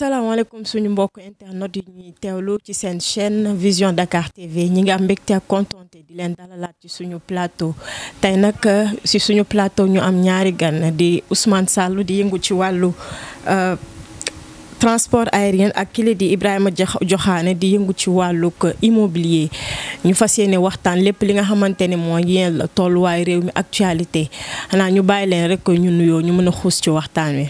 salaamaaleykum suñu mbokk internet yi ñuy teewlu ci seen chaîne Vision Dakar TV ñi ngi am mbégte ak contenté di leen dalalaat ci suñu plateau tey nag si euh, suñu plateau ñu am ñaari ganna di Ousmane Sall di yëngu ci wàllu euh, transport aérien ak kile di Ibrahima Joxaane di yëngu ci wàllug immobilier ñu fas yéene waxtaan lépp li nga xamante ne mooy yéen la tolluwaay réew mi actualité xanaa ñu bàyyi leen rek ñu nuyoo ñu mën a xuus ci waxtaan wi.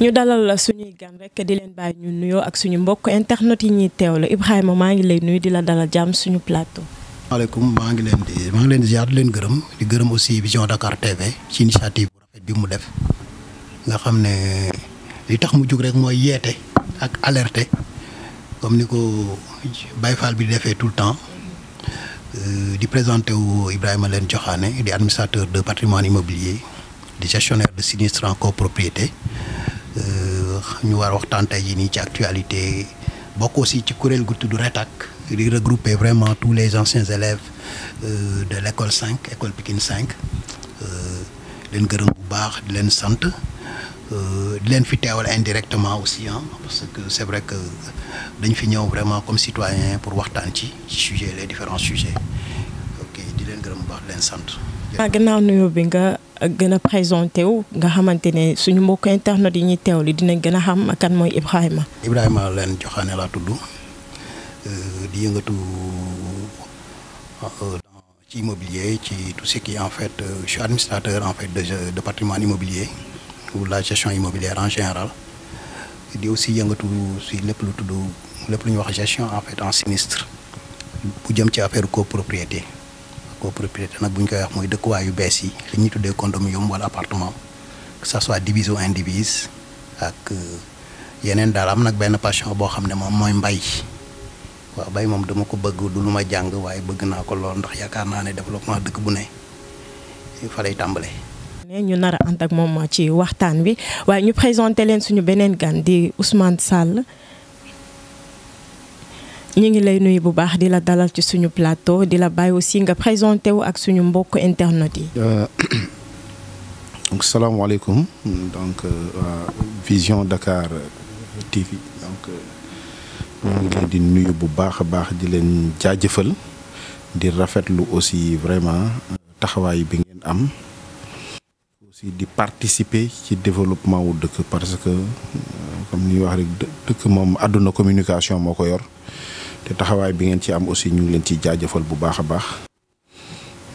ñu dalal la suñuy gan rek di leen bàyyi ñu nuyoo ak suñu mbokk internet yi ñuy teewlu Ibrahima maa ngi lay nuyu di la dalal jàmm suñu plateau. maaleykum maa ngi leen di maa ngi leen di di leen gërëm di gërëm aussi Vision Dakar TV ci initiative bu rafet bi mu def nga xam ne li tax mu jug rek mooy yeete ak alerte comme ni ko bay Fall bi defee tout le temps. Euh, di présenté wu Ibrahima Leen Joxaane di administrateur de patrimoine immobilier di gestionnaire de sinistre en Euh, ñu war waxtaan tey jii nii ci actualité bokk aussi ci kuréel gu tudd RETAC di regrouper vraiment tous les anciens élèves euh, de l' école 5 école Pikine 5 euh, leen gërëm bu baax di leen sant di leen fi teewal indirectement aussi ah parce que c' est vrai que dañ fi ñëw vraiment comme citoyen pour waxtaan ci ci sujet les différents sujets ok di leen gërëm bu baax di leen sant. ah gannaaw nuyoo bi nga ah, gën a présenté wu nga xamante ne suñu mbokk internet yi ñuy teewli dinañ gën a xam kan mooy Ibrahima. Ibrahima leen joxaane laa tudd euh, di yëngatu euh, ci immobilier ci tout ce qui en fait euh, je suis administrateur en fait de de patrimoine immobilier ou la gestion immobilière en général di aussi yëngatu si lépp lu tudd lépp lu ñuy wax gestion en fait en sinistre bu jëm ci affaire copropriété. copropriété nag bu ñu koy wax mooy dëkkuwaay yu bees yi li ñuy tuddee condominium wala appartement que ça soit divise ou indivise ak euh, yeneen daal am nag benn passion boo xam ne moom mooy mbay waaw bay moom dama ko bëgg du lu ma jàng waaye bëgg naa ko lool ndox yaakaar naa ne développement dëkk bu ne fa lay tàmbale ñu nar a ak moom ci waxtaan bi waaye ñu présenté leen suñu beneen gan di Ousmane Sall ñu ngi lay nuyu bu baax di la dalal ci suñu plateau di la bàyyi aussi nga présenté wu ak suñu mbokk internet yi. Euh, donc salaamaaleykum donc euh, Vision Dakar TV donc euh, ñu di nuyu bu baax a baax di leen jaajëfal di rafetlu aussi vraiment euh, taxawaay bi ngeen am. aussi di participer ci développement wu dëkk parce que comme ni wax rek dëkk moom àdduna communication moo ko yor. te taxawaay bi ngeen ci am aussi ñu ngi leen ciy jaajafal bu baax a baax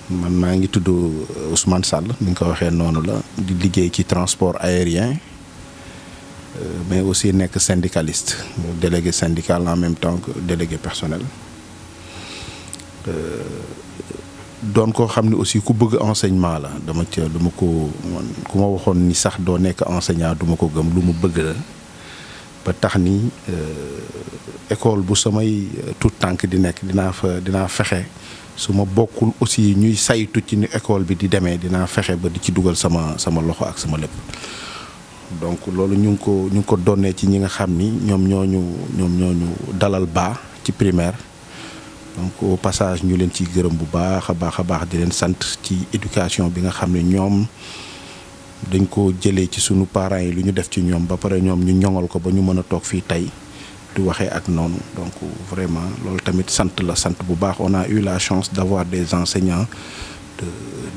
man maa ngi tudd euh, Ousmane Sall ni nga ko waxee noonu la di liggéey ci transport aérien euh, mais aussi nekk syndicaliste délégué syndical en même temps que délégué personnel euh, doon koo xam ne aussi ku bëgg enseignement la dama ca du ma ko ku ma waxoon ni sax doo nekk enseignant duma ko gëm lu mu bëgg la ba tax ni euh, école bu samay euh, tout tànk di nekk dinaa fa dinaa fexe su ma bokkul aussi ñuy saytu ci ni école bi di demee dinaa fexe ba di ci dugal sama sama loxo ak sama lépp donc loolu ñu ngi ko ñu ngi ko donnee ci ñi nga xam ni ñoom ñooñu ñoom ñooñu dalal baax ci primaire donc au passage ñu leen ciy gërëm bu baax a baax a baax di leen sant ci éducation bi nga xam ne ñoom dañ ko jëlee ci sunu parent yi lu ñu def ci ñoom ba pare ñoom ñu ñoŋal ko ba ñu mën a toog fii tey di waxee ak noonu donc vraiment loolu tamit sant la sant bu baax on a eu la chance d'avoir des enseignants de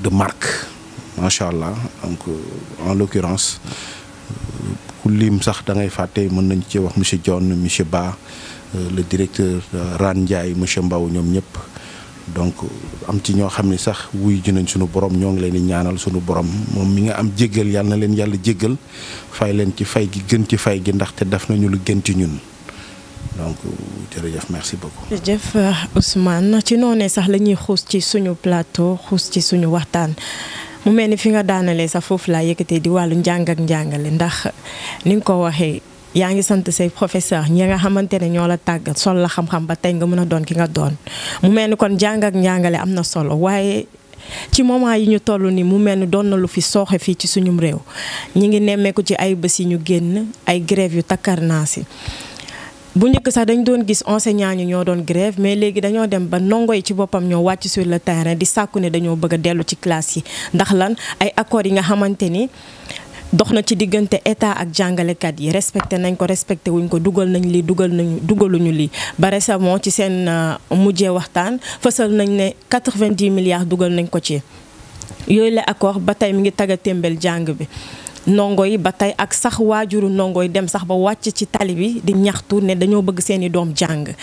de marque macha allah donc euh, en l'occurrence euh, ku lim sax da ngay fàtte mën nañ ci wax monsieur John monsieur Ba euh, le directeur Ran Ndiaye monsieur Mbaw ñoom ñëpp. donc am ci ñoo xam ni sax wuy ji nañ sunu borom ñoo ngi leen di ñaanal sunu borom moom mi nga am jéggal yàlla na leen yàlla jéggal fay leen ci fay gi gën ci fay gi ndaxte def nañu lu gën ci ñun donc jërëjëf merci beaucoup. jërëjëf euh, Ousmane ci noonee sax la ñuy xuus ci suñu plateau xuus ci suñu waxtaan. mu mel ni fi nga daanalee sax foofu laa yëkkatee di wàllu njàng ak njàngale ndax ni nga ko waxee yaa ngi sant say professeur ñi nga xamante ne ñoo la tàggat sol la xam-xam ba tey nga mën a doon ki nga doon mu mel ni kon jàng ak njàngale am na solo waaye ci moment yi ñu toll ni mu mel ni doon na lu fi sooxe fii ci suñum réew ñi ngi nemmeeku ci ay bés yi ñu génn ay grève yu takkar naa si bu njëkk sax dañ doon gis enseignants yi ñoo doon grève mais léegi dañoo dem ba ndongo yi ci boppam ñoo wàcc sur le terrain di sàkku ne dañoo bëgg a dellu ci classe yi ndax lan ay accords yi nga xamante ni dox na ci diggante état ak jàngalekat yi respecté nañ ko respecté wuñ ko dugal nañ lii dugal nañu dugaluñu lii ba récemment ci seen euh, mujjee waxtaan fasal nañ ne 90 milliards dugal nañ ko ci yooyu la accord ba tey mi ngi tagga témbel jàng bi ndongo yi ba tey ak sax waajuru ndongo yi dem sax ba wàcc ci tali bi di ñaxtu ne dañoo bëgg seeni doom jàng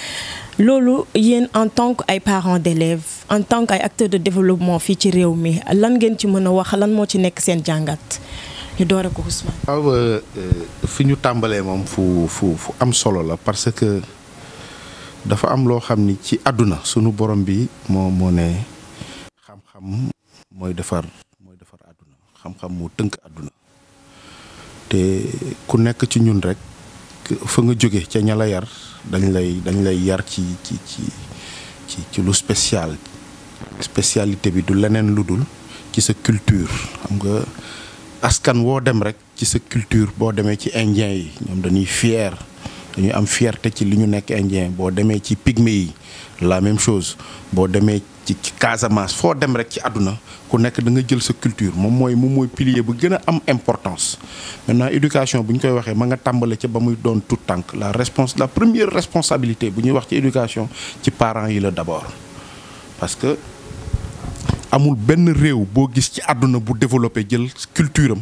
loolu yéen en tant que ay parents d'élèves en tant que ay acteurs de développement fii ci réew mi lan ngeen ci mën a wax lan moo ci nekk seen jàngat ñu doore ko Ousmane. waaw euh, fi ñu tàmbalee moom fu fu fu am solo la parce que dafa am loo xam ni ci àdduna sunu borom bi moo moo ne xam-xam mooy defar mooy defar àdduna xam-xam moo tënk àdduna te ku nekk ci ñun rek fa nga jóge ca ña la yar dañ lay dañ lay yar ci ci ci ci ci lu spécial spécialité bi du leneen lu dul ci sa culture xam nga. askan woo dem rek ci sa culture boo demee ci injiens yi ñoom dañuy fier dañuy am fierté ci li ñu nekk indien boo demee ci pygmée yi la même chose boo demee ci ci Casamance foo dem rek ci àdduna ku nekk da nga jël sa culture moom mooy moom mooy pilier bu gën a am importance maintenant éducation bu ñu koy waxee ma nga tàmbale ca ba muy doon tout tànk la response la première responsabilité bu ñuy wax ci éducation ci parent yi la d'abord parce que amul benn réew boo gis ci àdduna bu développé jël culture am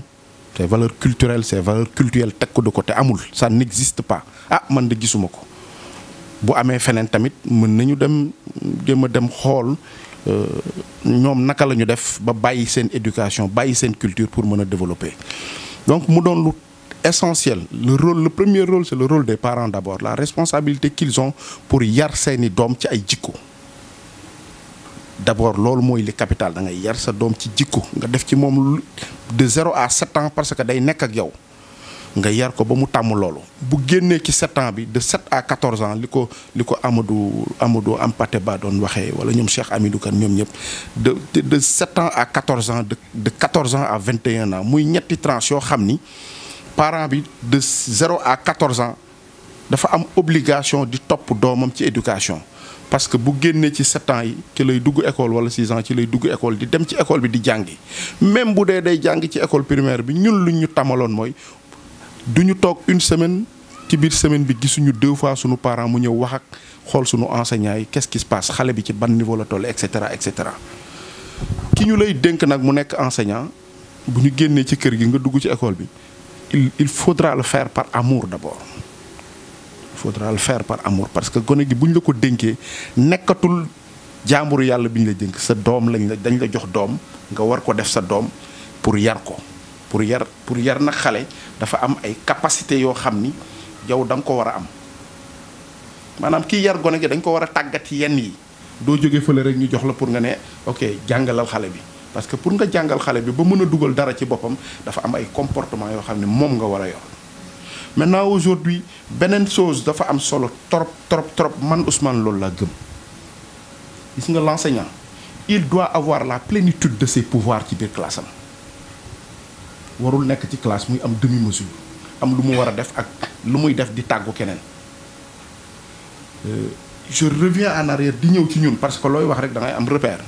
ses valeurs culturelles ses valeurs culturelles teg ko de côté amul ça n'existe pas ah man de gisuma ko bu amee feneen tamit mën nañu dem jéem a dem xool euh, ñoom naka la ñu def ba bàyyi seen éducation bàyyi seen culture pour mën a développer donc mu doon lu essentiel lu rôle le premier role c'est le rôle des parents d'abord la responsabilité qu'ils ont pour yar seeni doom ci ay jikko d'abord loolu mooy li capital da ngay yar sa doom ci jikko nga def ci moom de zéro à sept ans parce que day nekk ak yow nga yar ko ba mu tàmm loolu bu génnee ci sept ans bi de sept à quatorze ans li ko li ko Amadou Amadou Ampaté Ba doon waxee wala ñoom Cheikh Amidou Kane ñoom ñëpp de de sept ans à quatorze ans de de quatorze ans à vingt et un ans muy ñetti tranche yoo xam ni parent bi de zéro à quatorze ans dafa am obligation di topp doomam ci éducation parce que bu génnee ci sept yi ci lay dugg école wala six ans ci lay dugg école di dem ci école bi di jàngi même bu dee day jàng ci école primaire bi ñun lu ñu tamaloon mooy du ñu toog une semaine ci biir semaine bi gisuñu deux fois suñu parent mu ñëw wax ak xool sunu enseignant yi qu'est-ce qui se xale bi ci ban niveau la toll et cetera et cetera ki ñu lay dénk nag mu nekk enseignant bu ñu génnee ci kër gi nga dugg ci école bi il il faudra le faire par amour d'abord faudra le faire par amour parce que gone gi bu ñu la ko dénkee nekkatul jaamburu yàlla bi ñu la dénk sa doom lañ la dañ la jox doom nga war ko def sa doom pour yar ko pour yar pour yar nag xale dafa am ay capacité yoo xam ni yow da nga ko war a am maanaam kii yar gone gi dañ ko war a tàggat yenn yi doo jógee fële rek ñu jox la pour nga ne ok jàngalal xale bi parce que pour nga jàngal xale bi ba mën a dugal dara ci boppam dafa am ay comportement yoo xam ne moom nga war a yor maintenant aujourd'hui beneen chose dafa am solo trop trop trop man Ousmane loolu laa gëm gis nga l'enseignant il doit avoir la plénitude de ses pouvoir ci biir classe am warul nekk ci classe muy am demi mesure am lu mu war a def ak lu muy def di tàggu keneen euh, je reviens en arrière di ñëw ci ñun parce que looy wax rek da ngay am repère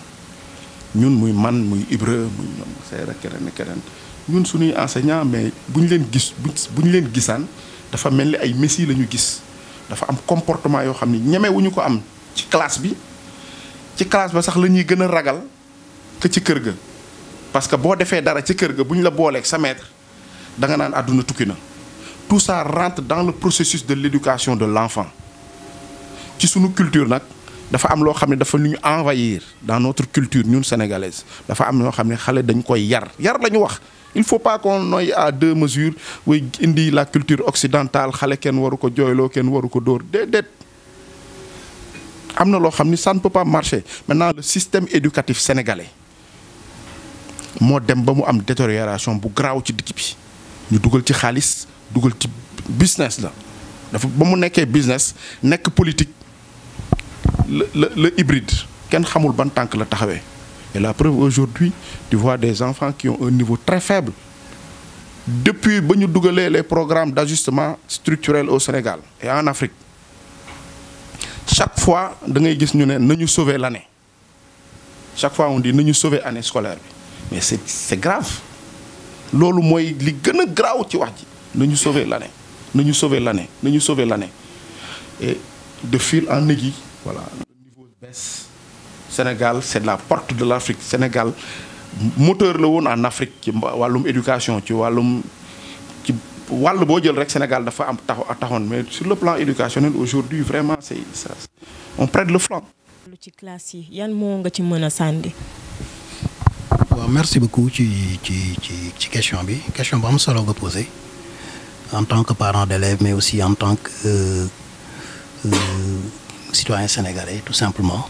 ñun muy man muy Ibra muy ñoom seer ak keneen keneen ñun suñuy enseignant mais bu ñu leen gis bu ñu leen gisaan dafa mel ni ay messi la ñu gis dafa am comportement yoo xam ni ñemewuñu ko am ci classe bi ci classe ba sax la ñuy gën a ragal que ci kër ga parce que boo defee dara ci kër ga bu ñu la booleeg sa maître da nga naan àdduna tukki na tout ça rentre dans le processus de l'éducation de l'enfant ci sunu culture nag dafa am loo xam ne dafa lu ñu envahir dans notre culture ñun sénégalaise dafa am loo xam ne xale dañ koy yar yar la ñu wax il faut pas qu'on noye à deux mesures way indi la culture occidentale xale kenn waru ko jooyloo kenn waru ko dóor déedéet am na loo xam ni ça ne peut pas marcher maintenant le système éducatif sénégalais moo dem ba mu am détérioration bu garaaw ci dëkk bi ñu dugal ci xaalis dugal ci business la dafa ba mu nekkee business nekk politique la la la hybride kenn xamul ban tànk la taxawee Et la preuve aujourd'hui, tu vois des enfants qui ont un niveau très faible. Depuis que nous les programmes d'ajustement structurel au Sénégal et en Afrique, chaque fois, gis ñu ne nous nous sauver l'année. Chaque fois, on dit nous nous sauver l'année scolaire. Mais c'est grave. C'est ce qui est grave. Nous nous sauver l'année. Nous nous sauver l'année. Nous nous sauver l'année. Et de fil en aiguille, voilà, le niveau baisse. Sénégal c'est la porte de l'Afrique Sénégal moteur la woon en Afrique ci wàllum éducation ci wàllum ci wàll boo jël rek Sénégal dafa am tax taxoon mais sur le plan éducationnel aujourd'hui vraiment c'est ça on prête le flanc. lu ci classe yi yan moo nga ci mën a sànni. waaw merci beaucoup ci ci ci ci question bi question bu am solo nga posé en tant que parent d'élève mais aussi en tant que euh, euh, citoyen sénégalais tout simplement.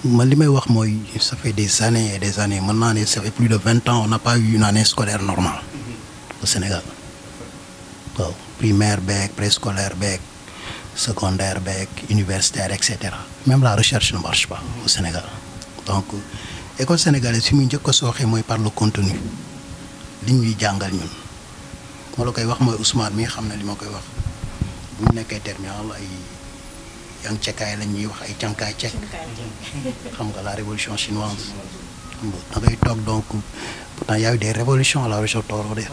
man li may wax mooy ça des années des années mën naa ne ça fait plus de vingt ans on n'a pas eu une année scolaire normale au Sénégal waaw primaire beeg scolaire beeg secondaire beeg universitaire et cetera même la recherche ne marche pas au Sénégal donc école sénégalaise fi muy njëkk a sooxee mooy par lu contenu li ñuy jàngal ñun moo la koy wax mooy Ousmane mi xam na li ma koy wax bu ñu nekkee terminal yang cekaay lañ ñuy wax ay cànkaay cek xam nga la révolution chinoise xam toog donc pourtant y a eu des révolutions à la région Toro de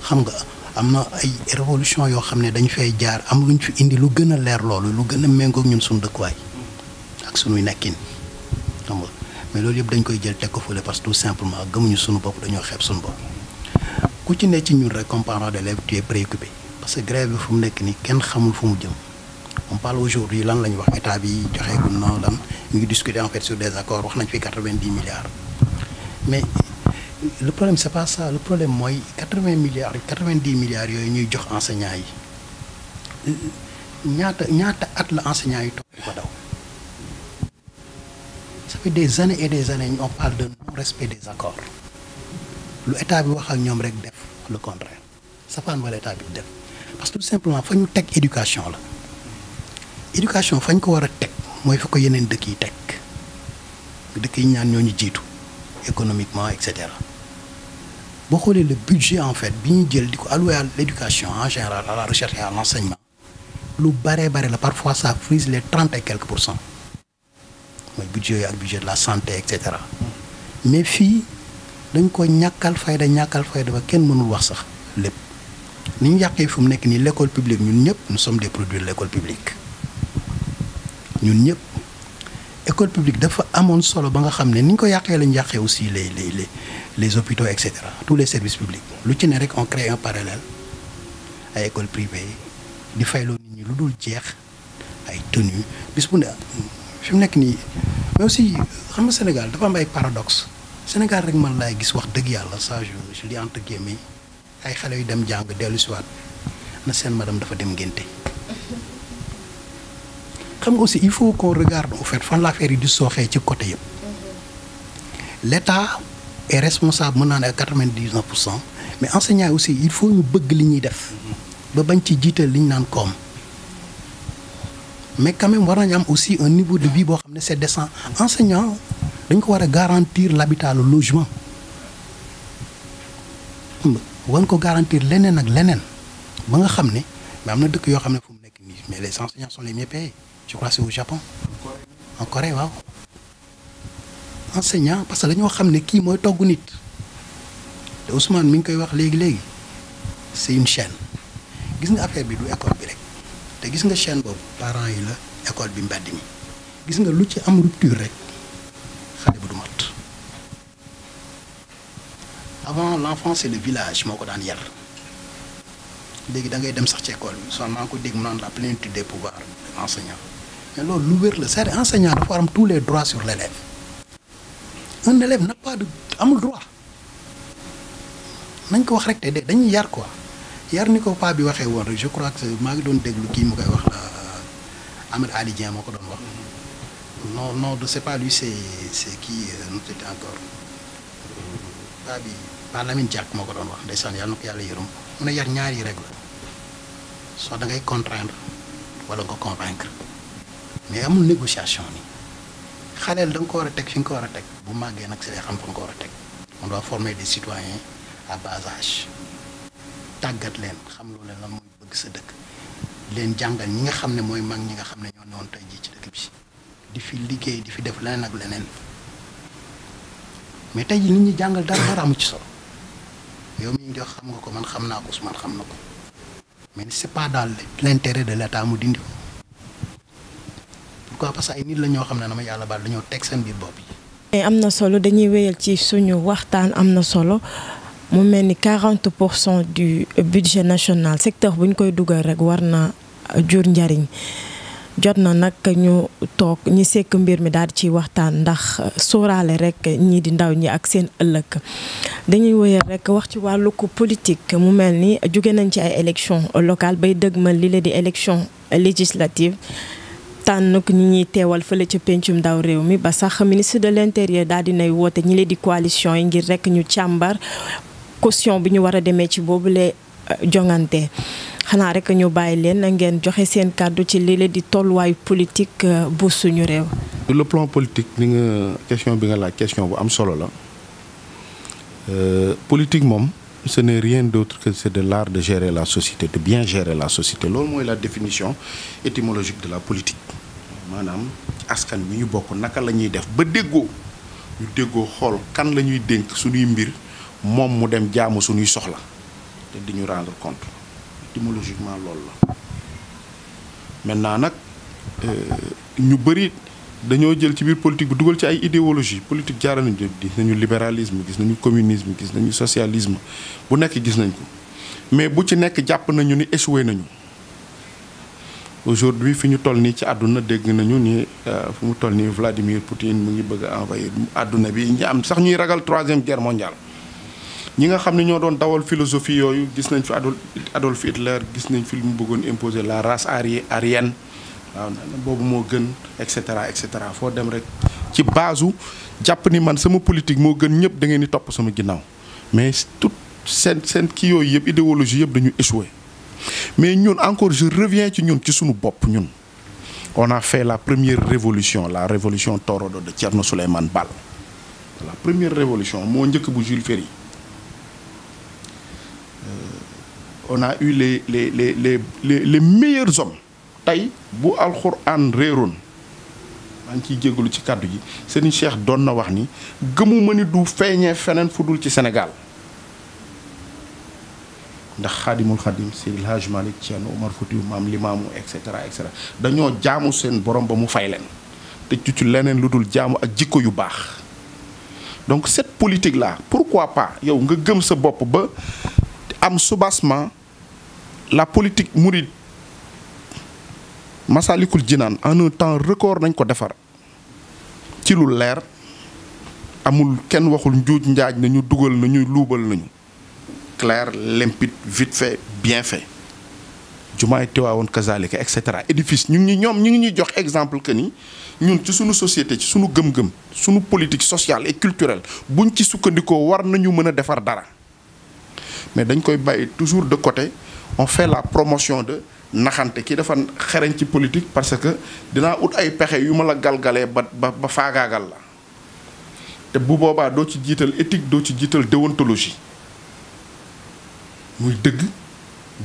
xam nga am na ay révolution yoo xam ne dañ fay jaar am luñ fi indi lu gën a leer loolu lu gën a méngoog ñun suñ dëkkuwaay ak suñuy nekkin xam nga mais loolu yëpp dañ koy jël teg ko fële parce que tout simplement gëmuñu suñu bopp dañoo xeeb suñu bopp ku ci ne ci ñun rek comme parent d'élève tu es préoccupé parce que grève bi fu mu nekk nii kenn xamul fu mu jëm on parle aujourd'hui lan la ñu wax état bi joxeegul na lan ñu ngi discuter en fait sur des accords wax nañ fi quatre-vingt-dix milliards mais le problème c'est pas ça problème mooy quatre-vingts milliards quatre-vingt-dix milliards yooyu ñuy jox enseignants yi ñaata ñaata at la enseignants yi toog di daw ça fait des années et des années on parle de non respect des accords lu état bi wax ak ñoom rek def le contraire safaan wala état bi def parce que tout simplement fa ñu teg éducation la éducation fañ ko war a teg mooy fa ko yeneen dëkk yi teg dëkk yi ñaan ñoo ñu jiitu économiquement et cetera boo xoolee le budget en fait bi ñu jël di ko alloué à en général à la recherche et lu bare bare la parfois ça frise les trente et quelques pour cent mooy budget yooyu ak budget de la santé et cetera mais fii dañ ko ñàkkal fayda ñàkkal fayda ba kenn mënul wax sax lépp ni ñu yàqee fu mu nekk nii l'école publique ñun ñëpp nous sommes des produits de publique ñun ñëpp école publique dafa amoon solo ba nga xam ne ni ñu ko yàqee lañ yàqee aussi les les les les hôpitaux et cetera tous les services publics lu ci ne rek on crée un parallèle ay école privée di fayloo nit ñi lu dul jeex ay tenues bis bu ne fi mu nekk nii mais aussi xam nga Sénégal dafa am ay paradoxe Sénégal rek man laay gis wax dëgg yàlla ça je je dis entre guillemets ay xale yu dem jàng dellu siwaat na seen madame dafa dem ngénte xam nga aussi il faut qu'on regarde au fait fan l'affaire yi di sooxee ci côté yëpp l'État est responsable mën naa ne à quatre-vingt-dix-neuf mais enseignants aussi il faut ñu bëgg li ñuy def ba bañ ci jiital li ñu naan koom mais quand même war nañu am aussi un niveau de vie boo xam ne c'est décent enseignant dañ ko war a garantir l'habitat le logement war ko garantiir leneen ak leneen ba nga xam ne mais na dëkk yoo xam ne fu nekk nii mais les enseignants sont les mieux je crois c'est au Japon en Corée waaw enseignant parce que dañoo xam ne kii mooy togg nit te Ousmane mi ngi koy wax léegi-léegi c'est une chaîne gis nga affaire bi du école bi rek te gis nga chaine boobu parent yi la école bi mbedd mi gis nga lu ci am rupture rek xale bu du mat avant l'enfant c'est le village moo ko daan yar léegi da ngay dem sax ci école bi seulement ko dégg mu naan la plénitude des pouvoirs de mais loolu lu wér la c'est-à-dire enseignant dafa tous les droits sur l'élève un élève n'a pas de amul droit nañ ko wax rek te de dañuy yar ko yar ni ko pa bi waxee woon rek je crois que maa ngi doon déglu kii mu koy wax la Ahmed Ali moo ko doon wax non non je sais pas lui c'est c'est kii nu tudd encore pa bi Pa Lamine Diack moo ko doon wax ndeysaan yàlla na ko yàlla yërëm mu ne yar ñaar rek la soo da ngay contraindre wala nga convaincre mais amul négociation ni xaleel da ko war a teg fi nga ko war a teg bu màggee nag si lay xam fa nga ko war a teg on doit former des citoyens à bas âge tàggat leen xam loo leen lan bëgg sa dëkk leen jàngal ñi nga xam ne mooy mag ñi nga xam ne ñoo newoon tey jii ci dëkk bi di fi liggéey di fi def leneen ak leneen mais tey jii nit ñi jàngal dara dara amu ci solo yow mi ngi jox xam nga ko man xam naa ko Ousmane xam na ko mais c'est pas dans l'intérêt de l'État mu dindi pourquoi parce que ay nit la ñoo xam ne dama yàlla baal dañoo teg seen biir bopp yi. am na solo dañuy wéyal ci suñu waxtaan am na solo mu mel ni 40 pour cent du budget national secteur bu ñu koy dugal rek war na jur njariñ jot na nag ñu toog ñi sekk mbir mi daal di ciy waxtaan ndax sóoraale rek ñii di ndaw ñi ak seen ëllëg dañuy wéyal rek wax ci wàllu ko politique mu mel ni jóge nañ ci ay élections locales bay dëgmal li la di élection législative tànn ñi ñuy teewal fële ca pencum ndaw réew mi ba sax ministre de l'intérieur daal dinay woote ñi leen di coalition yi ngir rek ñu càmbar caution bi ñu war a demee ci boobule euh, jongante xanaa rek a ñu bàyyi leen ngeen joxe seen kàddu ci li leen di tolluwaayu politique euh, bu suñu réew. sur le plan politique ni nga question bi nga laaj question bu am solo la euh, politique moom ce n'est rien d'autre que c'est de l'art de gérer la société de bien gérer la société loolu mooy la définition étymologique de la politique. maanaam askan bi ñu bokk naka la ñuy def ba déggoo ñu déggoo xool kan la ñuy dénk suñuy mbir moom mu dem jaamu suñuy soxla te di ñu rendre compte étymologiquement loolu la maintenant nag euh, ñu bëri dañoo jël ci biir politique bi dugal ci ay idéologie politique jaara nañu gis nañu libéralisme gis nañu communisme gis nañu socialisme bu nekk gis nañ ko mais bu ci nekk jàpp nañu ni échoué nañu aujourd'hui fi ñu toll nii ci àdduna dégg nañu ni euh, fi mu toll nii Vladimir Poutine mu ngi bëgg envoyé envahir àdduna bi ñi am sax ñuy ragal troisième guerre ñi nga xam ne ñoo doon dawal philosophie yooyu gis nañ fi Adolf Hitler gis nañ fi lu mu bëggoon imposer la race aryenne waaw boobu moo gën et cetera et cetera foo dem rek ci baasu jàpp ni man sama politique moo gën ñëpp da ngeen di topp sama ginnaaw mais tout seen seen kii yooyu yëpp idéologie yëpp dañu échoué mais ñun encore je reviens ci ñun ci suñu bopp ñun on a fait la première révolution la révolution torodo de Thierno Souleymane Baal la première révolution moo njëkk bu Jules Ferry euh, on a eu les les les les les, les meilleurs hommes tey bu alxuraan réeroon maa ngi ciy jégalu ci kàddu gi Serigne Cheikh doon na wax ni gëmuma ni du feeñee feneen fu ci Sénégal ndax xaadimul xaadim Seydil Hadj Malick Thierno Omar Foutiou maam limaamu et cetera et dañoo jaamu seen borom ba mu fay leen te ci leneen lu dul jaamu ak jikko yu baax donc cette politique là pourquoi pas yow nga gëm sa bopp ba am soubassement la politique mouride Masalikul Jinaan en un temps record nañ ko defar ci lu leer amul kenn waxul njuuj njaaj na ñu dugal ñuy luubal nañu clair limpide vite fait bien fait jumaay Tiwaawoon kazalika et cetera édifice ñu ngi ñoom ñu ngi ñuy jox exemple que ni ñun ci suñu société ci suñu gëm-gëm suñu politique sociale et culturelle buñ ci sukkandikoo war nañu mën a defar dara mais dañ koy bàyyi toujours de côté on fait la promotion de naxante kii dafa xereñ ci politique parce que dinaa ut ay pexe yu ma la galgalee ba ba ba faagaagal la te bu boobaa doo ci jiital éthique doo ci jiital déontologie muy dëgg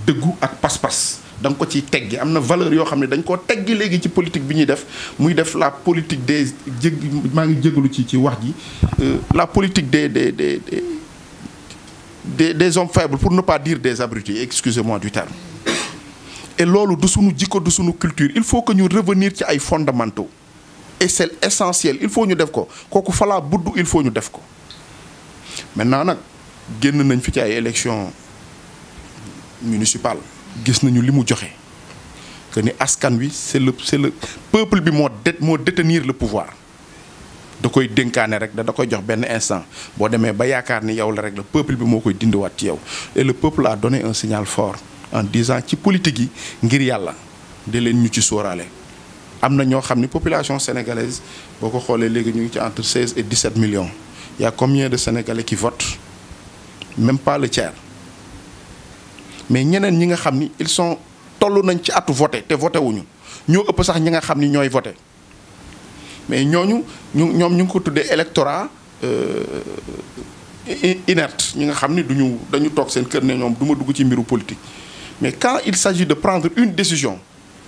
dëggu ak pas-pas da nga ko ciy teggi am na valeur yoo xam ne dañ koo teggi léegi ci politique bi ñuy def muy def la politique des jég maa ngi jégalu ci ci wax ji euh, la politique des de de des des hommes faibles pour ne pas dire des abrutis excusez-moi du terme te loolu du suñu jikko du suñu culture il faut que ñu revenir ci ay fondamentaux et c'est essentiel il faut ñu def ko kooku falaa budd il faut ñu def ko maintenant nag génn nañ fi ci ay élections municipal gis nañu li mu joxe que ni askan wi c'est le c'est le peuple bi moo dé moo détenir le pouvoir da koy dénkaane rek da da koy jox benn instant boo demee ba yaakaar ni yow la rek le peuple bi moo koy dindiwaat ci yow et le peuple a donné un signal fort en disant ci politique yi ngir yàlla de leen ñu ci sóoraale am na ñoo xam ni population sénégalaise boo ko xoolee léegi ñu ngi ci entre 16 et 17 millions million a combien de sénégalais qui vote même pas le tiers mais ñeneen ñi nga xam ni ils sont toll nañ ci atu voté te voté wuñu ñoo ëpp sax ñi nga xam ni ñooy voté mais ñooñu ñu ñoom ñu ngi ko tuddee électorat euh, inerte ñi nga xam ni duñu dañu toog seen kër ne ñoom du ma dugg ci mbiru politique mais quand il s'agit de prendre une décision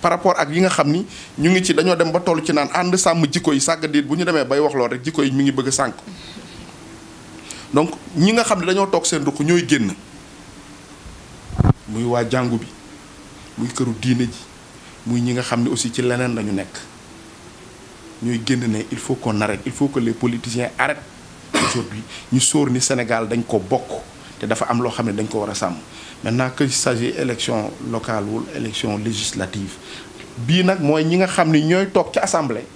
par rapport ak yi nga xam ni ñu ngi ci dañoo dem ba tollu ci naan ànd sàmm jikko yi sàgg diit bu ñu demee bay wax lool rek jikko yi mu ngi bëgg a donc ñi nga xam ne dañoo toog seen ñooy génn muy waa jàngu bi muy këru diine ji muy ñi nga xam ne aussi ci leneen lañu nekk ñooy génn ne il faut qu'on arrête il faut que le politiciens arrêtent aujourd'hui ñu sóor ni Sénégal dañ ko bokk te dafa am loo xam ne dañ ko war a sàmm maintenant qu'il s'agit élection locale wul élection législative bii nag mooy ñi nga xam ni ñooy toog ci assemblée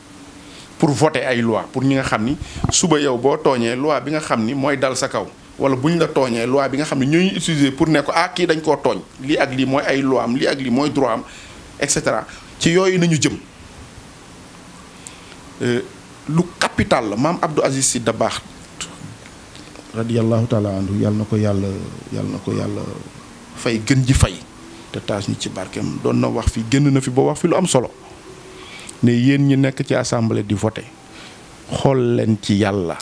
pour voter ay loi pour ñi nga xam ni suba yow boo tooñee loi bi nga xam ni mooy dal sa kaw wala bu ñu la tooñee loi bi nga xam ne ñoo ñu utiliser pour nekk ko ah kii dañ koo tooñ lii ak lii mooy ay loi am lii ak lii mooy droit am et cetera ci yooyu nañu jëm euh, lu capital la maam abdu Aziz Sy Dabakh radiyallahu taala anhu yàlla na ko yàlla yàlla na ko yàlla fay gën ji fay te taas ñu ci barkeem doon na wax fi génn na fi boo wax fi lu am solo ne yéen ñi nekk ci assemblée di vote xool leen ci yàlla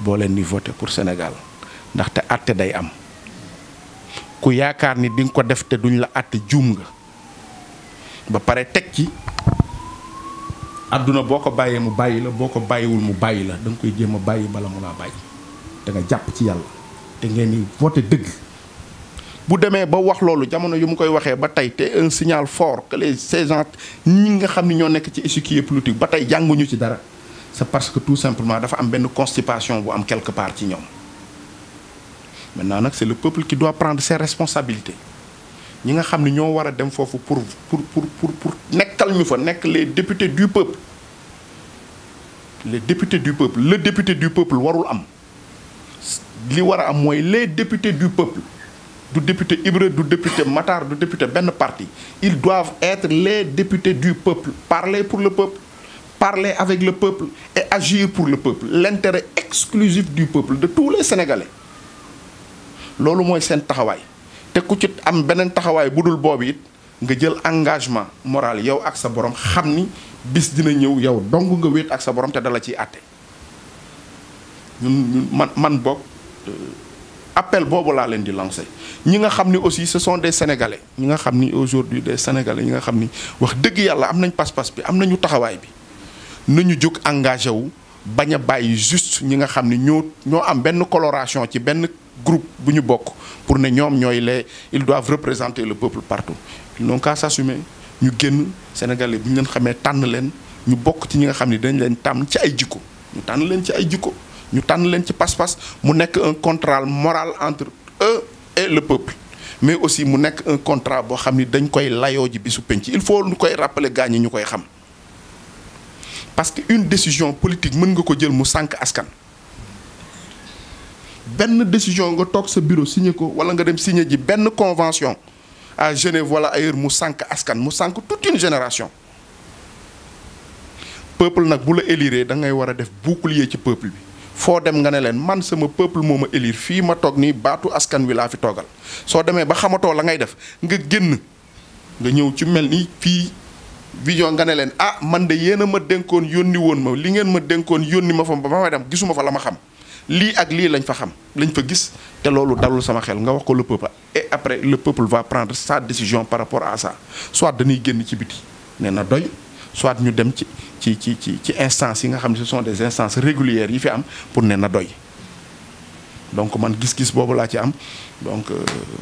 boo leen di voté pour Sénégal ndaxte àtte day am ku yaakaar ni di nga ko def te duñ la àtte juum nga ba pare teg ci àdduna boo ko bàyyee mu bàyyi la boo ko bàyyiwul mu bàyyi la da koy jéem a bàyyi bala mu laa bàyyi danga jàpp ci yàlla te ngeen ni voté dëgg bu demee ba wax loolu jamono yu mu koy waxee ba tey te un signal fort que les ces gens nga xam ni ñoo nekk ci échiquier politique ba tey jànguñu ci dara c'est parce que tout simplement dafa am benn constipation bu am quelque ci ñoom naa nag c'est le peuple ki doo prendre ses responsabilités ñi nga xam ne ñoo war a dem foofu pour pour pour pour pour nekkal ñu fa nekk les députés du peuple les députés du peuple le député du peuple warul am li war a am mooy les députés du peuple du député Ibra du député Matar du député benn parti ils doivent être le députés du peuple parler pour le peuple parler avec le peuple et agir pour le peuple l'intérêt exclusif du peuple de tous les Sénégalais loolu mooy seen taxawaay te ku ci am beneen taxawaay bu dul boobu it nga jël engagement moral yow ak sa borom xam ni bis dina ñëw yow dong nga wéet ak sa borom te dala ciy àtte ñun ñun man man boog euh, appel boobu laa leen di lancé ñi nga xam ni aussi ce sont des sénégalais ñi nga xam ni aujourd'hui des sénégalais ñi nga xam ni wax dëgg yàlla am nañ pas-pas bi am nañu taxawaay bi nañu jóg engagé wu bañ a bàyyi juste ñi nga xam ni ñoo ñoo am benn coloration ci benn groupe bu ñu bokk pour ne ñoom ñooy les ils doivent représenter le peuple partout ils n'ont qu'à ñu génn sénégalais bu ñu xamee tànn leen ñu bokk ci ñi nga xam ni dañ leen tànn ci ay jikko ñu tànn leen ci ay jikko ñu tànn leen ci pas-pas mu nekk un contral moral entre eux et le peuple mais aussi mu nekk un contrat boo xam ni dañ koy layoo ji su penc il faut ñu koy rappeler gars ñi ñu koy xam parce que une décision politique mën nga ko jël mu sànk askan benn décision nga toog sa bureau signé ko wala nga dem signé ji benn convention à Genève wala ailleurs mu sànq askan mu sànq toute une génération peuple nag bu la éliree da ngay war a def yee ci peuple bi foo dem nga ne leen man sama peuple moo ma élire fii ma toog nii baatu askan wi laa fi toogal soo demee ba xamatoo la ngay def nga génn nga ñëw ci mel ni fii vision nga ne leen ah man de yéen a ma denkoon yónni woon ma li ngeen ma denkoon yónni ma fa ba ma dem gisuma fa la ma xam lii ak lii lañ fa xam lañ fa gis te loolu dalul sama xel nga wax ko le peuple et après le peuple va prendre sa décision par rapport à ça soit dañuy génn ci biti nee na doy soit ñu dem ci ci ci ci ci instances yi nga xam ne ce sont des instances régulières yi fi am pour ne na doy donc man gis-gis boobu laa ci am donc euh,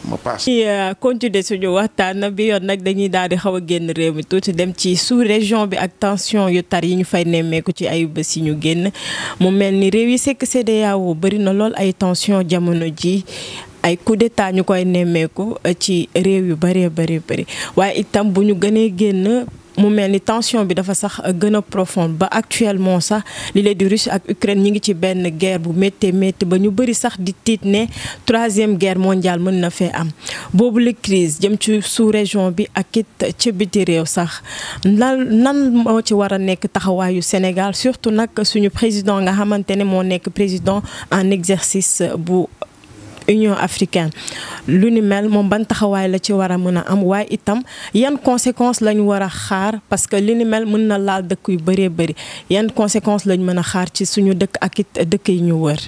ma paas. ñu euh, continuer suñu waxtaan bi yoon nag dañuy daal di xaw a génn réew mi tuuti dem ci sous région bi ak tension yu tar yi ñu fay nemmeeku ci ay bés yi ñu génn mu mel ni réew yi sekk CEDEAO bëri na lool ay tension jamono ji ay coup d'état ñu koy nemmeeku euh, ci réew yu bëree bëri bëri waaye itam bu ñu gënee génn. mu mel ni tension bi dafa sax gën a profonde ba actuellement sax li di Russie ak Ukraine ñi ngi ci benn guerre bu méttee métti ba ñu bëri sax di tiit ne troisième guerre mondiale mën na fee am boobu la crise jëm ci sous-région bi ak it ci biti réew sax lan nan moo ci war a nekk taxawaayu Sénégal surtout nag suñu président nga xamante ne moo nekk président en exercice bu Union africaine lu ni mel moom ban taxawaay la ci war a mën a am waaye itam yan conséquence lañu war a xaar parce que li ni mel mën na laal dëkk yu baree bëri yan conséquence lañ mën a xaar ci suñu dëkk ak it dëkk yi ñu wër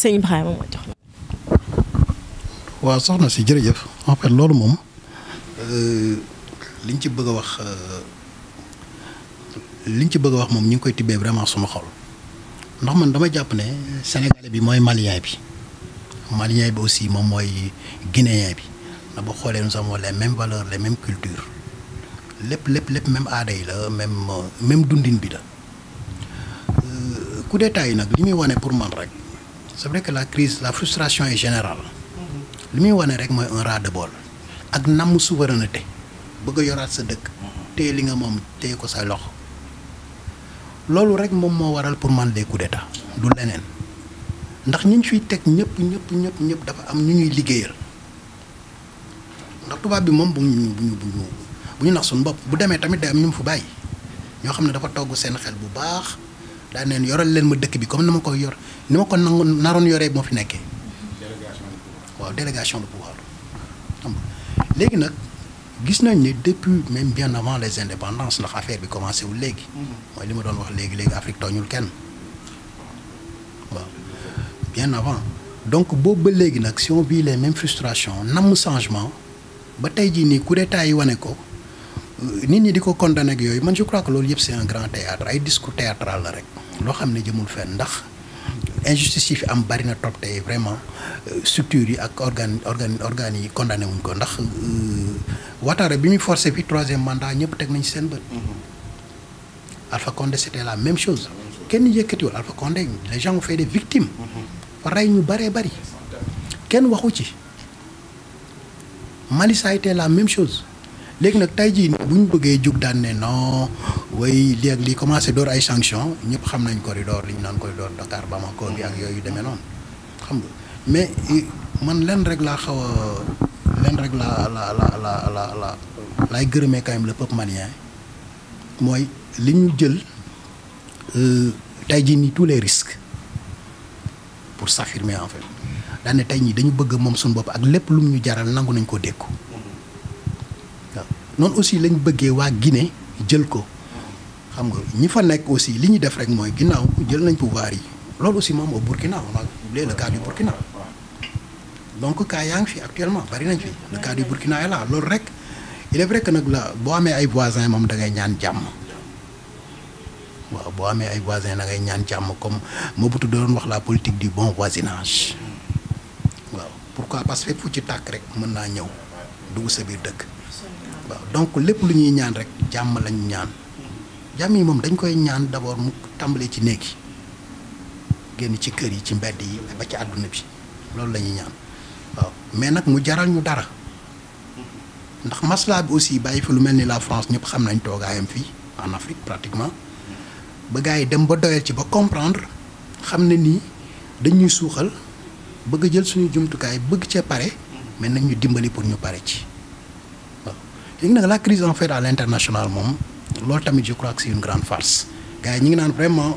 sëñ Ibrahima moo jox la. soxna si jërëjëf en loolu moom euh, liñ ci bëgg a wax euh, liñ ci bëgg a wax moom ñu ngi koy tibbee vraiment suma xol ndox mën dama jàpp ne sénégalais bi mooy malien bi. malien bi aussi moom mooy guinéen bi na boo xoolee nous avons les mêmes valeurs les mêmes cultures lépp lépp lépp même aada yi la même même dundin bi la euh, coup d'état yi nag li muy wane pour man rek c'est vrai que la crise la frustration est générale mhm. li muy wane rek mooy un ras-le-bol ak namm souveraineté bëgg a yoraat sa dëkk mhm. téye li nga moom téye ko sa loxo loolu rek moom moo waral pour man les coups d'état du leneen ndax ñu fiy teg ñëpp ñëpp ñëpp ñëpp dafa am ñu ñuy liggéeyal ndax tubaab bi moom bu ñu bu ñu bu ñu bu ñu nax suñu bopp bu demee tamit day am ñu mu fa bàyyi ñoo xam ne dafa togg seen xel bu baax daa neen yoral leen ma dëkk bi comme ni ma yor ni ma ko naroon yoree moo fi nekkee. waaw délégation de pouvoir nga léegi nag gis nañ ni depuis même bien avant les indépendances ndax affaire bi commencé wul léegi. Mhm. mooy li ma doon wax léegi léegi Afrique tooñul kenn waaw. bien avant donc boobu ba léegi nag si on vit les mêmes nam namm changement ba tey jii nii coup d'état yi wane ko euh, nit ñi di ko condamné ak yooyu man je crois que loolu yëpp c'est un grand théâtre ay discours théâtral la rek loo xam ne jëmul fenn ndax injustice yi fi am bari na trop tey vraiment euh, structures yi ak organe organe organes yi condamné wuñ ko ndax euh, Ouattara bi muy forcé fi troisième mandat ñëpp teg nañ seen bët. Alpha Condé c'était la même chose. kenn yëkkatiwul Alpha rey ñu baree bari kenn waxu ci Mali ça a la même chose léegi nag tey jii bu ñu bëggee jug daan ne non way lii ak lii commencé door ay sanctions ñëpp xam nañ corridor li ñu naan corridor Dakar Bamako bi ak yooyu demee noonu xam nga mais eh, man lenn rek laa xaw a lenn rek laa la la la la la laay gërëmee quand la le peuple mooy li ñu jël euh, tey jii nii tous les risques. pour s'affirmer en fait daane tey ñi dañu bëgg moom suñu bopp ak lépp lum ñu jaral nangu nañ ko dékku noonu aussi lañ bëggee waa gine jël ko xam nga ñi fa nekk aussi li ñu def rek mooy ginnaaw jël nañ pouvoir yi loolu aussi moom au Burkina on a oublié le cas du Burkina donc cas yaa ngi fi actuellement bari nañ fi le cas du Burkina est loolu rek il est que nag la boo amee ay voisins moom da ngay ñaan jàmm waaw boo amee ay voisins da ngay ñaan jàmm comme Mobutu doon wax la politique du bon voisinage waaw pourquoi parce que fu ci tàkk rek mën naa ñëw dugg sa biir dëkk waaw donc lépp lu ñuy ñaan rek jàmm lañu ñaan jàmm yi moom dañ koy ñaan d'abord mu tàmbalee ci néeg yi génn ci kër yi ci mbedd yi ba ci àdduna bi loolu la ñuy ñaan waaw mais nag mu jaral ñu dara ndax maslaa bi aussi bàyyi fi lu mel ni la France ñëpp xam nañ toogaayam fii en Afrique pratiquement. ba gars yi dem ba doyal ci ba comprendre xam ne nii dañuy suuxal bëgg jël suñu jumtukaay bëgg cee pare mais nañ ñu dimbali pour ñu pare ci waaw léegi nag la crise en fait à l'international moom loolu tamit je crois que c'est une grande farce gars yi ñu ngi naan vraiment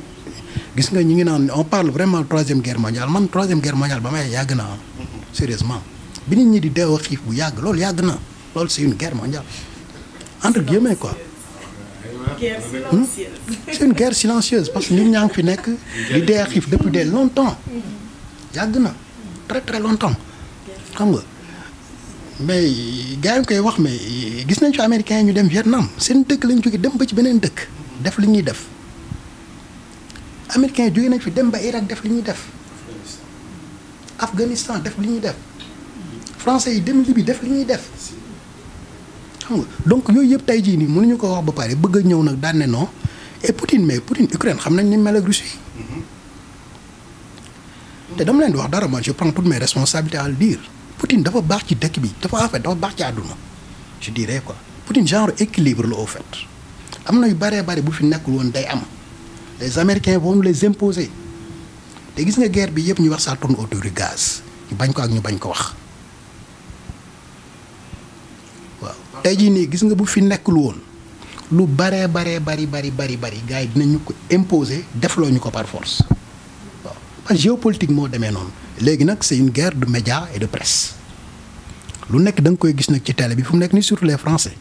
gis nga ñu ngi naan on parle vraiment troisième guerre mondiale man troisième guerre ba may yàgg na ah sérieusement bi nit ñi di deew xiif bu yàgg loolu yàgg na loolu c'est une guerre mondiale entre guillemets Hmm? c'est une guerre silencieuse parce que ñun ñaa ngi fi nekk di dee xiif depuis des longtemps yàgg na très très longtemps xam nga mais gars yi koy wax mais gis nañ fi américain yi ñu dem Vietnam seen dëkk lañ jógee dem ba ci beneen dëkk def li ñuy def américains yi jógee nañ fi dem ba Irak def li ñuy def Afghanistan def li ñuy def français yi dem Libye def li ñuy def xam donc yooyu yëpp tey jii nii mënuñu ko wax ba pare bëgg ñëw nag daan ne non et Poutine mais Poutine Ukraine xam nañ ni mel ak Russie mm-hmm. te dama leen di wax dara man je prends toutes mes responsabilités à le dafa baax ci dëkk bi dafa en fait dafa baax ci àdduna je dirais quoi Poutine genre équilibre la au fait am na yu baree bëri bu fi nekkul woon day am les américains vont les imposer te gis nga guerre bi yëpp ñu wax ça tourne autour du gaz ñu bañ ko ak ñu bañ ko wax. tey jii nii gis nga bu fi nekkul woon lu baree baree bari bari bari bari gars yi dinañu ko imposer defloo ñu ko par force waaw par que géopolitique moo demee noonu léegi nag c'est une guerre de média et de presse lu nekk da koy gis nag ci télé bi fu mu nekk ni surtout les français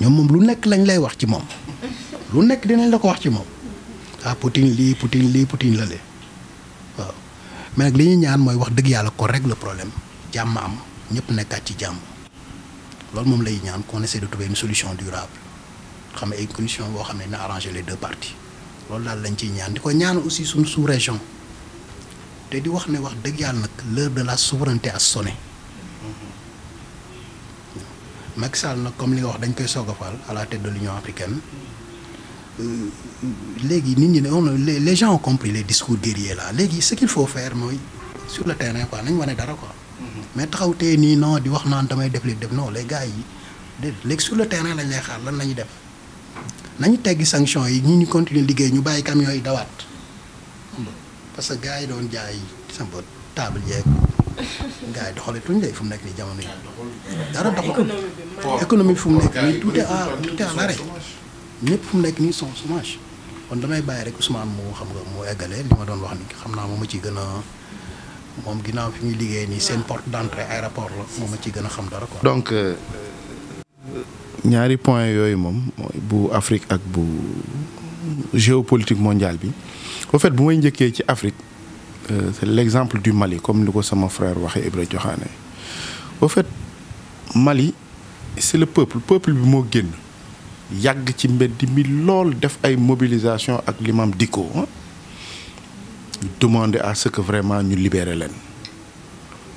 ñoom moom lu nekk lañ lay wax ci moom lu nekk dinañ la ko wax ci moom ah Poutine lii Poutine lii Poutine la lee waaw mais li ñuy ñaan mooy wax dëgg yàlla ko règle le problème jàmm am ñëpp nekkaat ci jàmm. loolu moom lay ñaan qu'on essaie de trouver une solution durable xam nga ay conditions boo xam ne na arranger les deux parties loolu daal lañ ciy ñaan di ko ñaan aussi suñu sous région te di wax ne wax dëgg yàlla nag l'heure de la souveraineté a sonné Macky Sall nag comme li nga wax dañ koy soog a faal à la tête de l'Union africaine euh, léegi nit ñi ne on les gens ont compris les discours guerriers là léegi ce qu'il faut faire mooy sur le terrain quoi nañ ne dara quoi. mais taxaw te nii non di wax naan damay def li def non les gars yi déedéet léegi sur le terrain lañ lay xaar lan la ñuy def nañu teggi sanction yi ñu ñu continue liggéey ñu bàyyi camions yi dawaat parce que gars yi doon jaay sama table yeeg gars yi doxaletuñ de fu mu nekk nii jamono yi dara doxal économie bi fu mu nekk nii tout est à tout est à l'arrêt fu mu nekk nii son chômage kon damay bàyyi rek Ousmane moo xam nga moo eggalee li ma doon wax ni xam naa moom ma ci gën a moom ginaaw fi muy liggéey nii seen porte d'entrée aéroport la moom a ci gën a xam dara quoi. donc euh, ñaari point yooyu moom bu Afrique ak bu géopolitique mondial bi au bu may njëkkee ci Afrique euh, c'est l'exemple du Mali comme ni ko sama frère waxee Ibra Joxaane au fait Mali c'est le peuple le peuple bi moo génn yàgg ci mbedd mi lool def ay mobilisation ak l'imam Dicko ñu demander à ce que vraiment ñu libérer leen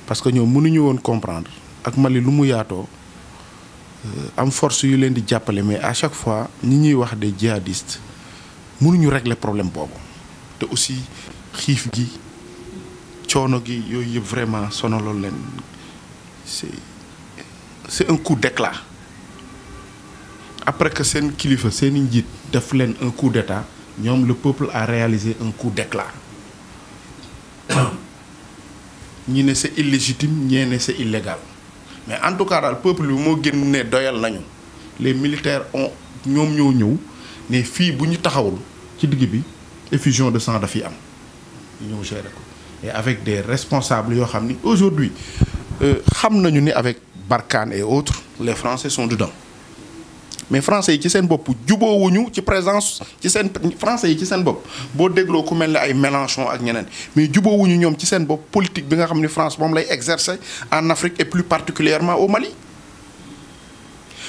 parce que ñoom mënuñu woon comprendre ak Mali lu mu yaatoo euh, am force yu leen di jàppale mais à chaque fois ñi ñuy wax des djihadistes mënuñu régler problème boobu te aussi xiif gi coono gi yooyu yëpp vraiment sonaloon leen c'est c'est un coup d'éclat après que seen kilifa seen i njiit def leen un coup d'état ñoom le peuple à réaliser un coup d'éclat ñi ne c'est illégitime ñee ne c'est illégal mais en tout cas daal peuple bi moo gën ne doyal nañu les militaires ont ñoom ñoo ñëw ne fii bu ñu taxawul ci digg bi effusion de sang dafiy am ñu ñëw gérer avec des responsables yoo xam ni aujourd'hui euh, xam nañu ni avec Barkhane et autres les francais son de dedans mais français yi ci seen bopp juboowuñu ci présence ci seen français yi ci seen bopp boo dégloo ku mel ne ay Mélenchon ak ñeneen mais juboowuñu ñoom ci seen bopp politique bi nga xam ni France moom lay exercer en Afrique et plus particulièrement au Mali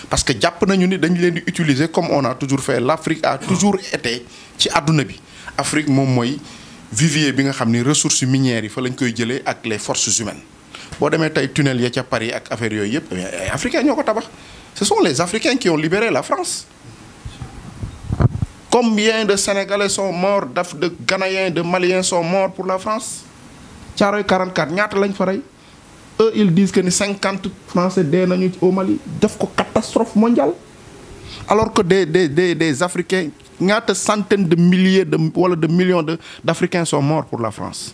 parce que jàpp nañu ni dañu leen di utiliser comme on a toujours fait l'Afrique a toujours été ci àdduna bi Afrique moom mooy vivier bi nga xam ni ressources minières yi fa lañ koy jëlee ak les forces humaines boo demee tey tunnel ya ak affaire yooyu yëpp eh ay ñoo ko tabax ce sont les Africains qui ont libéré la France. Combien de Sénégalais sont morts, de Ghanéens, de Maliens sont morts pour la France Tiaroy 44, ñaata lañ fa rey eux ils disent que ni 50 Français dee nañu au Mali def ko catastrophe mondiale alors que des des des des Africains ñaata centaines de milliers de wala de millions de d'Africains sont morts pour la France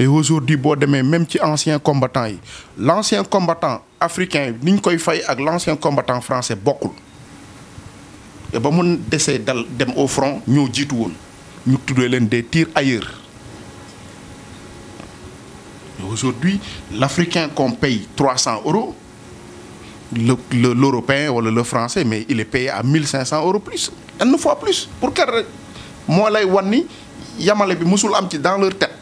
et aujourd'hui boo demee même ci ancien combattant yi l' ancien combattant africain ni ñu koy fay ak l' ancien combattant français bokkul te ba mu desee dal dem au front ñoo jiitu woon ñu tuddee leen des tirs ailleurs aujourd'hui l'africain qu'on paye 300 euros le le l'européen wala le français mais il est payé à 1500 euros plus une fois plus pour quelle moo lay wan ni yamale bi mosul am ci dans leur tête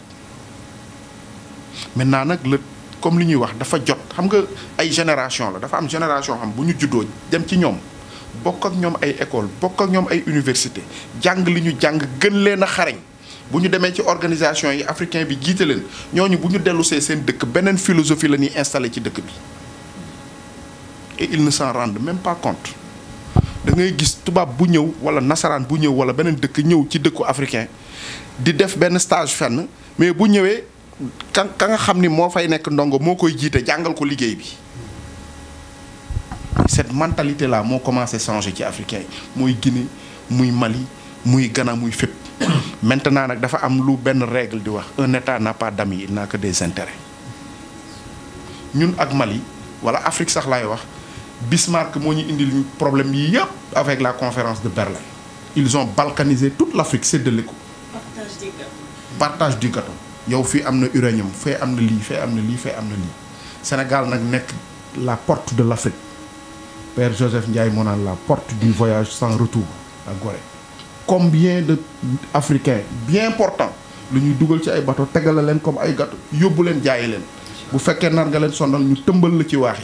maintenant nag la comme li ñuy wax dafa jot xam nga ay génération la dafa am génération xam bu ñu juddoo dem ci ñoom bokk ak ñoom ay école bokk ak ñoom ay université jàng li ñu jàng gën leen a xarañ bu ñu demee ci organisation yi africain bi jiite leen ñooñu bu ñu dellusee seen dëkk beneen philosophie la ñuy installé ci dëkk bi et ils ne s'en même pas compte da ngay gis tubaab bu ñëw wala nasaraan bu ñëw wala beneen dëkk ñëw ci dëkku africain di def benn stage fenn mais bu ñëwee ka ka nga xam ni moo fay nekk ndongo moo koy jiite jàngal ko liggéey bi cette mentalité là moo commencé changer ci africain yi muy Guinée muy Mali muy gana muy fépp maintenant nag dafa am lu benn règle di wax un état n'a pas d'amis des intérêts ñun ak Mali wala Afrique sax lay wax Bismarck moo ñu indil problème yi yëpp avec la conférence de Berlin ils ont balkanisé toute l'Afrique c'est de l'écho yow fii am na uranium fee am na lii fee am na lii fee am na lii Sénégal nag nekk la porte de l'Afrique Père Joseph Ndiaye moo naan la porte du voyage sans retour ak Gorée combien de africains bien portant lu ñuy dugal ci ay bateau tegala leen comme ay gâteau yóbbu leen jaayi leen bu fekkee nar nga leen sondal ñu tëmbal la ci waax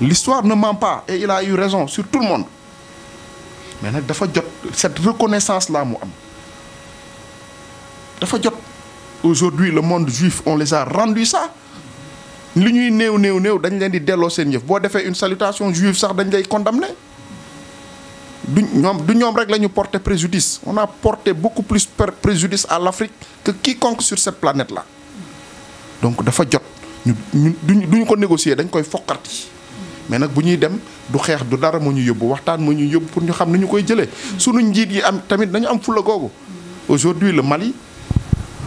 yi l'histoire ne ment pas et yu raison sur tout le monde mais nag dafa jot cette reconnaissance là mu am dafa jot aujourd'hui le monde juif on les a rendu ça li ñuy néew néew néew dañ leen di delloo seen yëf boo defee une salutation juive sax dañ lay condamné du ñoom du ñoom rek la ñu porté préjudice a porté beaucoup plus préjudice à l'Afrique que quiconque sur cette planète la donc dafa jot ñu duñ duñu ko négocier dañ koy foqati mais nag bu ñuy dem du xeex du dara moo ñu yóbbu waxtaan moo ñu yóbbu pour ñu xam ni ñu koy jëlee suñu njiit yi am tamit dañu am fulla googu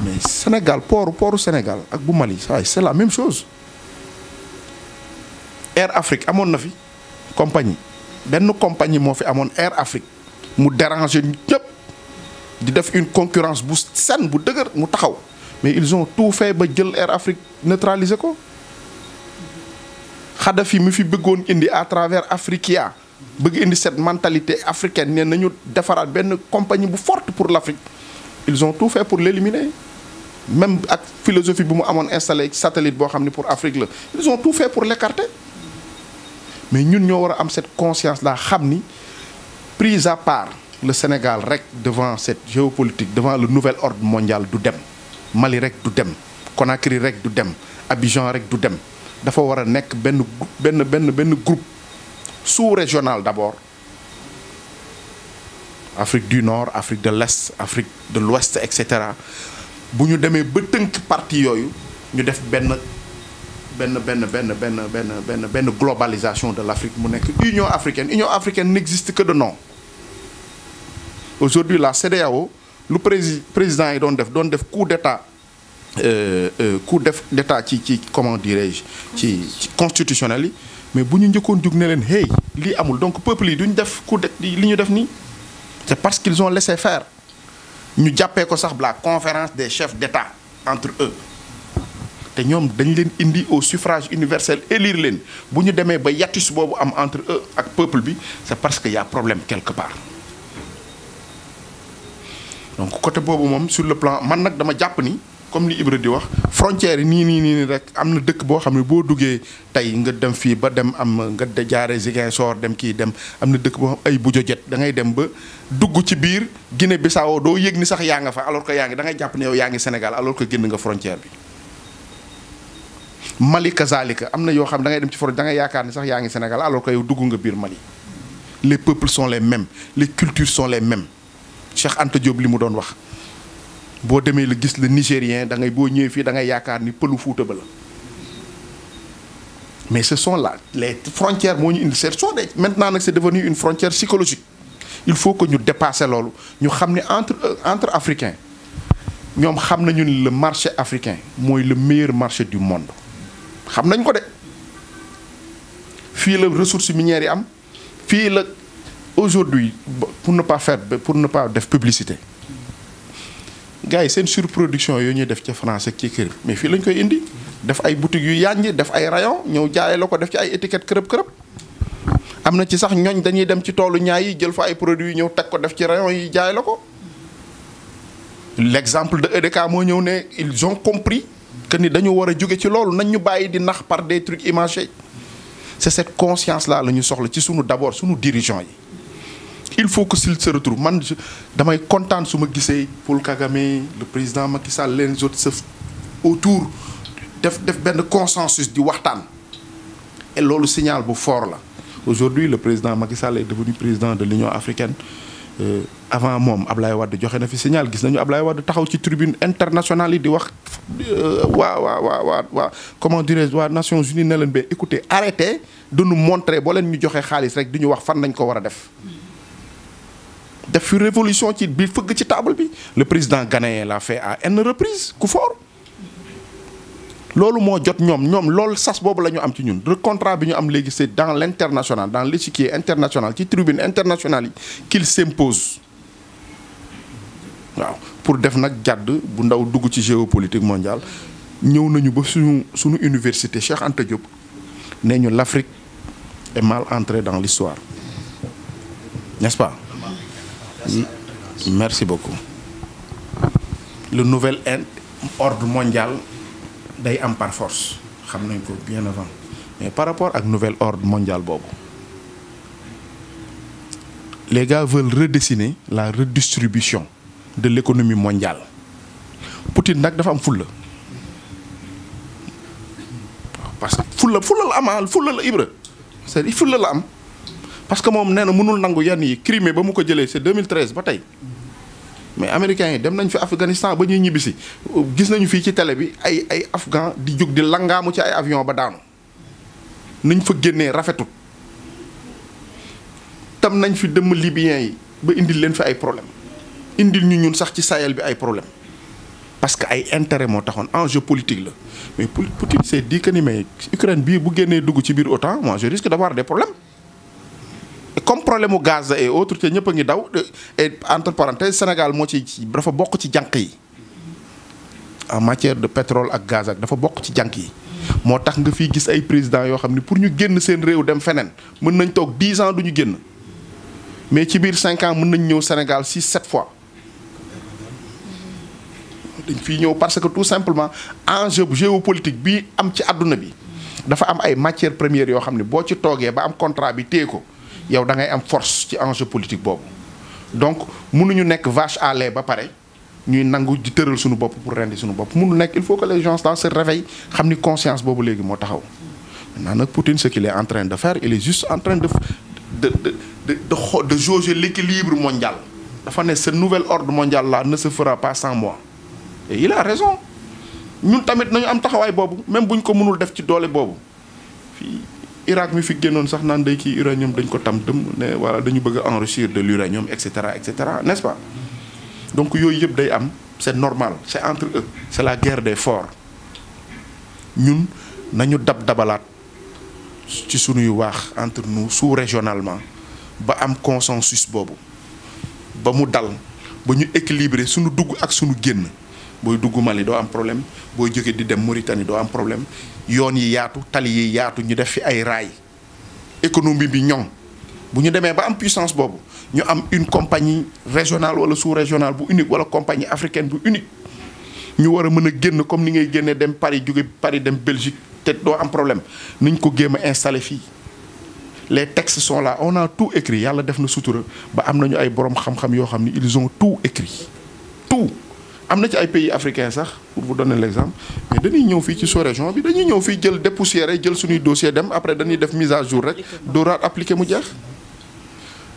mais Sénégal pooru pooru Sénégal ak bu Mali waaye c'est la même chose Air Afrique amoon na fi compagnie benn compagnie moo fi amoon Air Afrique mu déranger ñëpp di def une concurrence bu saine bu dëgër mu taxaw mais ils ont tout fait ba jël Air Afrique neutraliser ko Kadhafi mu fi bëggoon indi à travers Africa bëgg indi cette mentalité africaine ne ñu defaraat benn compagnie bu forte pour l'Afrique ils on tout fait pour l'éliminer même ak philosophie bu mu amoon installé satellite boo xam ni pour Afrique la ils ont tout fait pour l'écarter mais ñun ñoo war a am cette conscience là xam ni prise à part le Sénégal rek devant cette géopolitique devant le nouvel ordre mondiale du dem Mali rek du dem Conakry rek du dem Abidjan rek du dem dafa war a nekk benn benn benn benn groupe sous-régional d'abord Afrique du Nord Afrique de l'Est Afrique de l'Ouest et cetera bu ñu demee ba tënk partie yooyu ñu def benn benn benn benn benn benn benn benn globalisation de l'Afrique mu nekk Union africaine Union africaine n'existe que de nom aujourd'hui la CEDEAO lu prési président yi doon def doon def coup d'état euh, euh, coup def d'état ci ci comment dirais-je ci ci constitutionnel yi mais bu ñu njëkkoon jug ne leen hey lii amul donc peuple yi ñu def coup de li ñu def nii c'est parce qu'ils ont laissé faire ñu jàppee ko sax la conférence des chefs d'État entre eux te ñoom dañ leen indi au suffrage universel élire leen bu ñu demee ba yatus boobu am entre eux ak peuple bi c'est parce que y problème quelque part donc côté boobu moom sur le plan man nag dama jàpp ni comme li Ibra di wax frontière yi nii nii nii rek am na dëkk boo xam ne boo duggee tey nga dem fii ba dem am nga jaaree Ziguinchor dem kii dem am na dëkk boo xam ay bujo jet dangay dem ba dugg ci biir gine Bissau doo yëg ni sax yaa nga fa alors que yaa ngi da ngay jàpp ne yow yaa ngi Sénégal alors que génn nga frontière bi. Mali am na yoo xam da ngay dem ci frontière da yaakaar ni sax yaa ngi Sénégal alors que yow dugg nga biir Mali les peuples sont les mêmes culture cultures sont les mêmes Cheikh li mu doon wax. boo demee la gis la nigérien da ngay boo ñëwee fii da ngay yaakaar ni pëlu Fuuta ba la mais ce sont la les frontières moo ñu indi seet soo dee maintenant nag c'est devenu une frontière psychologique il faut que ñu dépasser loolu ñu xam ni entre entre africains ñoom xam nañu ni le marché africain mooy le meilleur marché du monde xam nañ ko de fii la ressources minières yi am fii la aujourd'hui pour ne pas faire pour ne pas def publicité gars yi seen surproduction yooyu ñuy def ca France ak ci kër mais fii lañ koy indi def ay boutiques yu yànj def ay rayon ñëw jaay la ko def ci ay étiquette kërëb kërëb am na ci sax ñooñ dañuy dem ci toolu ñaay yi jël fa ay produits ñëw teg ko def ci rayon yi jaay la ko l'exemple de EDK moo ñëw ne ils ont compris que ni dañu war a jóge ci loolu nañ ñu bàyyi di nax par des trucs imagés c'est conscience là la ñu soxla ci sunu d'abord sunu dirigeants yi il faut que s'il se retrouve man damay kontaan su ma gisee Paul Kagame le président Macky Sall leen jot sëf autour def def benn consensus di waxtaan loolu signal bu fort la aujourd'hui le président Macky Sall est devenu président de l'Union africaine euh, avant moom Ablaye Wade joxe na fi signal gis nañu ab Ablaye Wade taxaw ci tribune internationale yi di wax euh, waa waa waa waa waa comment dirais-je waa Nations Unies ne leen ba écoutez arrêtez du nous montrer boo leen ñu joxee xaalis rek di ñu wax fan nañ ko war a def def fi révolution ci bi fëgg ci table bi le président ghanéen l'a fait à n reprise ku loolu moo jot ñoom ñoom lool sas boobu la ñu am ci ñun recontrat bi ñu am léegi c'est dans l'international dans l'échiquier international ci tribune internationale yi qu'il s'impose waaw pour def nag jàdd bu ndaw dugg ci géopolitique mondiale ñëw nañu ba suñu suñu université Cheikh Anta Diop nee ñu l'Afrique et mal entrée dans l'histoire n'est-ce merci beaucoup le nouvel ordre mondiale day am par force xam nañ ko bien avant mais par rapport ak nouvel ordre mondiale boobu les gars veulent redessiner la redistribution de l'économie mondiale Poutine nag dafa am fulla parce que fulla fulla la am ah fulla la Ibra c'est fulla la am parce que moom nee na mënul nangu yenn yi Crimée ba mu ko jëlee c'est 2013 ba tey mais américains yi dem nañ fi Afghanistan ba ñuy ñibbisi gis nañu fii ci tele bi ay ay afghan di jug di langaamu ci ay avion ba daanu nañ fa génnee rafetut tam nañ fi dëmm libyens yi ba indil leen fi ay problème indil ñu ñun sax ci Sahel bi ay problème parce que ay intérêt moo taxoon enjeu politique la mais Poutine s'est dit que ni mais Ukraine bii bu génnee dugg ci biir OTAN moi je risque d'avoir des problèmes comme problème mu gaz et autres te ñëpp a ngi daw et entre Sénégal moo ci dafa bokk ci jànq yi en matière de pétrole ak gaz ak dafa bokk ci jànq yi. moo tax nga fiy gis ay président yoo xam ne pour ñu génn seen réew dem feneen mën nañ toog dix ans du ñu génn mais ci biir cinq ans mën nañ ñëw Sénégal six sept fois. dañ fiy ñëw parce que tout simplement enjeu géopolitique bi am ci àdduna bi dafa am ay matières première yoo xam ne boo ci toogee ba am contrat bi téye ko. yow da ngay am force ci enjeu politique boobu donc mënuñu nekk vache à lait ba pare ñuy nangu di tëral suñu bopp pour rendi suñu bopp mënu nekk il faut que les gens là se réveillent xam ni conscience boobu léegi moo taxaw maintenant nag Poutine ce qu'il est en de faire il est juste en de de de de de, de jauger l'équilibre mondial dafa ne ce nouvel ordre mondial là ne se fera pas sans moi et il a raison ñun tamit nañu am taxawaay boobu même buñ ko mënul def ci doole boobu Irak mi fi génnoon sax naan day kii uranium dañ ko tam dëmm ne wala dañu bëgg a de l'uranium et cetera et cetera n'est-ce pas donc yooyu yëpp day am c'est normal c'est entre eux c'est la guerre des forts ñun nañu dab dabalaat ci sunuy waax entre nous sous régionalement ba am consensus boobu ba mu dal ba ñu équilibrer sunu dugg ak suñu génn booy dugg Mali doo am problème booy jógee di dem Mauritanie doo am problème yoon yi yaatu tali yi yaatu ñu def fi ay raay économie bi ñoŋ bu ñu demee ba am puissance boobu ñu am une compagnie régionale wala sous régionale bu unique wala compagnie africaine bu unique ñu war a mën a génn comme ni ngay génnee dem Paris jóge Paris dem Belgique te doo am problème nañ ko géem a installé fii les textes sont là on a tout écrit yàlla def na sutura ba am nañu ay borom xam-xam yoo xam ni ils ont tout écrit tout am na ci ay pays africains sax pour vous donner l' exemple mais ñëw fii ci sous bi dañuy ñëw fii jël dépoussière jël suñuy dossier dem après dañuy def mise à jour rek dooraat appliqué mu jeex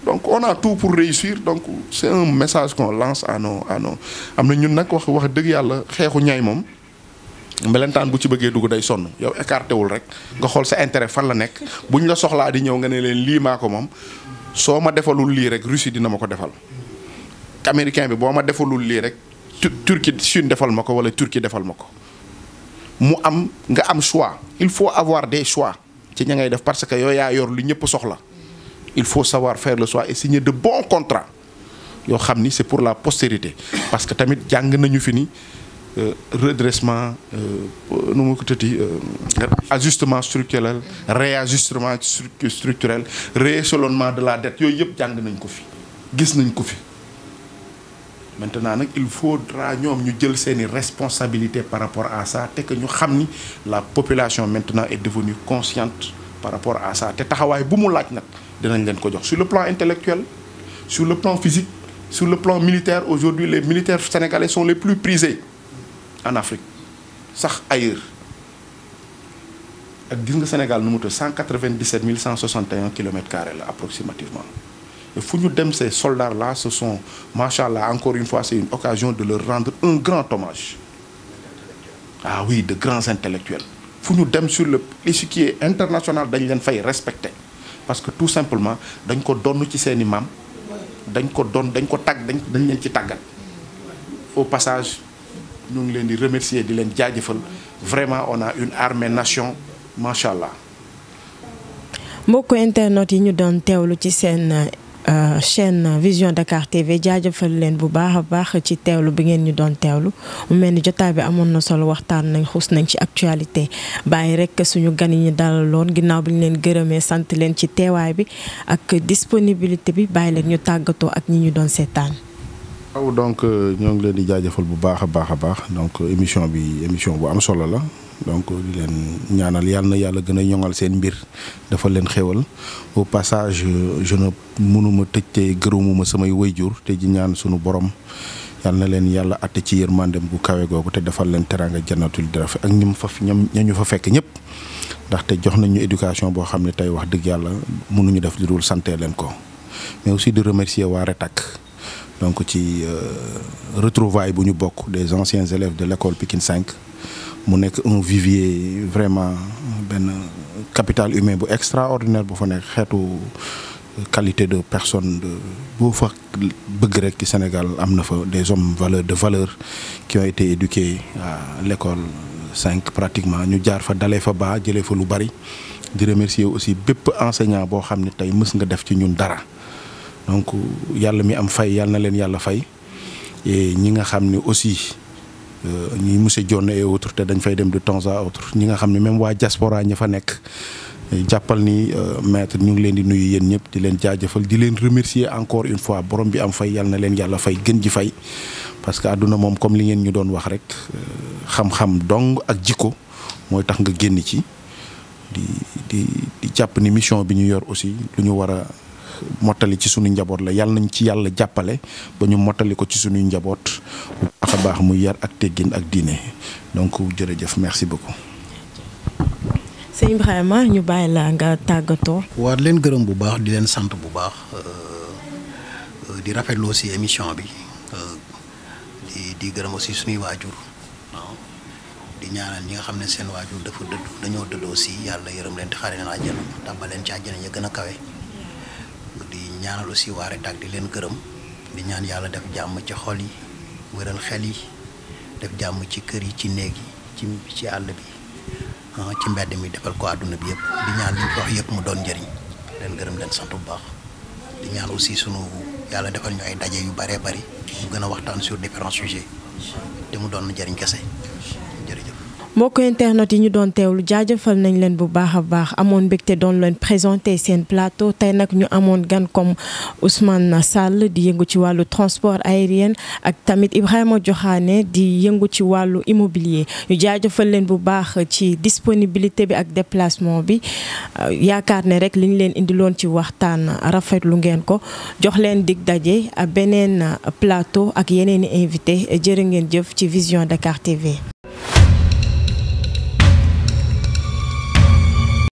donc on a tout pour réussir donc c' message qu'on lance à nos am na ñun nag wax wax dëgg yàlla xeexu ñaay moom mbelentaan bu ci bëggee dugg day sonn yow écarté wul rek nga xool sa intérêt fan la nekk buñ la soxlaa di ñëw nga ne leen lii maa ko moom soo ma defalul lii rek Russie dina ma ko defal américain bi boo ma defalul lii rek Turquie Chine defal ma ko wala Turquie defal ma ko mu am nga am choix il faut avoir des choix ci ña ngay def parce que yow yaa yor lu ñëpp soxla il faut savoir faire le choix et signer de bon contrats yoo xam ni c'est pour la postérité parce que tamit jàng nañu fi ni euh, redressement euh, nu ma ko tëti euh, ajustement structurel réajustement structurel rééchelonnement de la dette yooyu yëpp jàng nañ ko fi gis nañ ko fi maintenant nag il faut faudra ñoom ñu jël seeni responsabilité par rapport à ça te que ñu xam ni la population maintenant est devenue consciente par rapport à ça te taxawaay bu mu laaj nag dinañ leen ko jox sur le plan intellectuel su le plan physique su le plan militaire aujourd'hui les militaires sénégalais sont les plus prisés en Afrique sax ailleurs ak gis nga Sénégal nu mu tudd 197 161 kilomètres carrés la approximativement ñu Founoudem, ces soldats la ce sont, machallah, encore une fois, c'est une occasion de leur rendre un grand hommage. Ah oui, de grands intellectuels. dem sur le l'échiquier international, leen fay respecté. Parce que tout simplement, dañ ko donn ci seen maam dañ ko donn, dañ ko tag, dañ dañ leen ci tàggat. Au passage, leen di remercions, di leen jaajëfal. Vraiment, on a une armée nation, machallah. mbokk internet yi ñu doon teewlu ci seen Euh, chaîne Vision Dakar TV jaajëfal leen bu baax a baax ci teewlu bi ngeen ñu doon teewlu mu mel ni jotaay bi amoon na solo waxtaan nañ xuus nañ ci actualité bàyyi rek suñu gan yi ñu dalaloon ginnaaw bi ñu leen gërëmee sant leen ci teewaay bi ak disponibilité bi bàyyi leen ñu tàggatoo ak ñi ñu doon seetaan. waaw donc euh, ñoo ngi leen di jaajëfal bu baax a baax a baax donc euh, émission bi émission bu am solo la donc euh, di leen ñaanal yàlla na yàlla gën a ñoŋal seen mbir dafa leen xéwal au passage je ne mënuma tëj te gërëmuma samay wayjur te ji ñaan sunu borom yàlla na leen yàlla atte ci yërmandem gu kawe googu te defal leen teraanga jannatul darafi ak ñum fa ñam ñu fa fekk ñëpp ndaxte jox nañ ñu éducation boo xam ne tey wax dëgg yàlla mënuñu def lu dul sante leen ko mais aussi donc ci euh, retrouvaille bu ñu bokk des anciens élèves de l'école Pikine 5 mu nekk un vivier vraiment benn capital humain bu extraordinaire bu fa nekk xeetu qualité de personne de boo fa bëgg rek ci Sénégal am na fa des hommes valeur de valeur qui ont été éduqués à l'école 5 pratiquement ñu jaar fa dalee fa baa jëlee fa lu bari di remercier aussi bépp enseignant boo xam ne tey mës nga def ci ñun dara donc yàlla mi am fay yàlla na leen yàlla fay ñi nga xam ni aussi euh, ñuy monsieur Dione et te dañ fay dem de temps à autre ñi nga xam ne même waa jasporaa ña fa nekk jàppal ni euh, maître ñu ngi leen di nuyu yéen ñëpp di leen jaajëfal di leen remercier encore une fois borom bi am fay yàlla na leen yàlla fay gën ji fay parce que àdduna moom comme li ngeen ñu doon wax rek euh, xam-xam dong ak jikko mooy tax nga génn ci di di jàpp ni mission bi ñu yor aussi lu ñu war a mottali ci suñu njaboot la yàlla nañ ci yàlla jàppale ba ñu mottali ko ci suñuy njaboot bu baax a baax muy yar ak teggin ak diine donc jërëjëf merci beaucoup. sëñ Ibrahima ñu bàyyi laa nga tàggatoo. waa leen gërëm bu baax di leen sant bu baax euh, euh, di rafetlu aussi émission bi euh, di di gërëm aussi suñuy waajur. di ñaanal ñi nga xam ne seen waajur dafa dëdd dañoo dëdd aussi yàlla yërëm leen te xaare leen àjjana tàbbal leen ci àjjana ya gën a kawe di ñaanal aussi waare tag di leen gërëm di ñaan yàlla def jàmm ci xol yi wéral xel yi def jàmm ci kër yi ci néeg yi ci ci àll bi ah, ci mbedd mi defal ko àdduna bi yëpp di ñaan li ñu wax yëpp mu doon njëriñ leen gërëm leen sant bu baax di ñaan aussi sunu yàlla defal ñu ay daje yu bëree bëri mu gën a waxtaan sur différents sujets te mu doon njëriñ kese. mbokk internet yi ñu doon teewlu jaajëfal nañ leen bu baax a baax amoon mbégte doon leen présenté seen plateau tey nag ñu amoon gan comme na sàll di yëngu ci wàllu transport aérien ak tamit Ibrahima Diokhane di yëngu ci wàllu immobilier ñu jaajëfal leen bu baax ci disponibilité bi ak déplacement bi euh, yaakaar ne rek liñ leen indiloon ci waxtaan rafetlu ngeen ko jox leen dig daje beneen plateau ak yeneen i invité jërë ngeen jëf ci Vision Dakar TV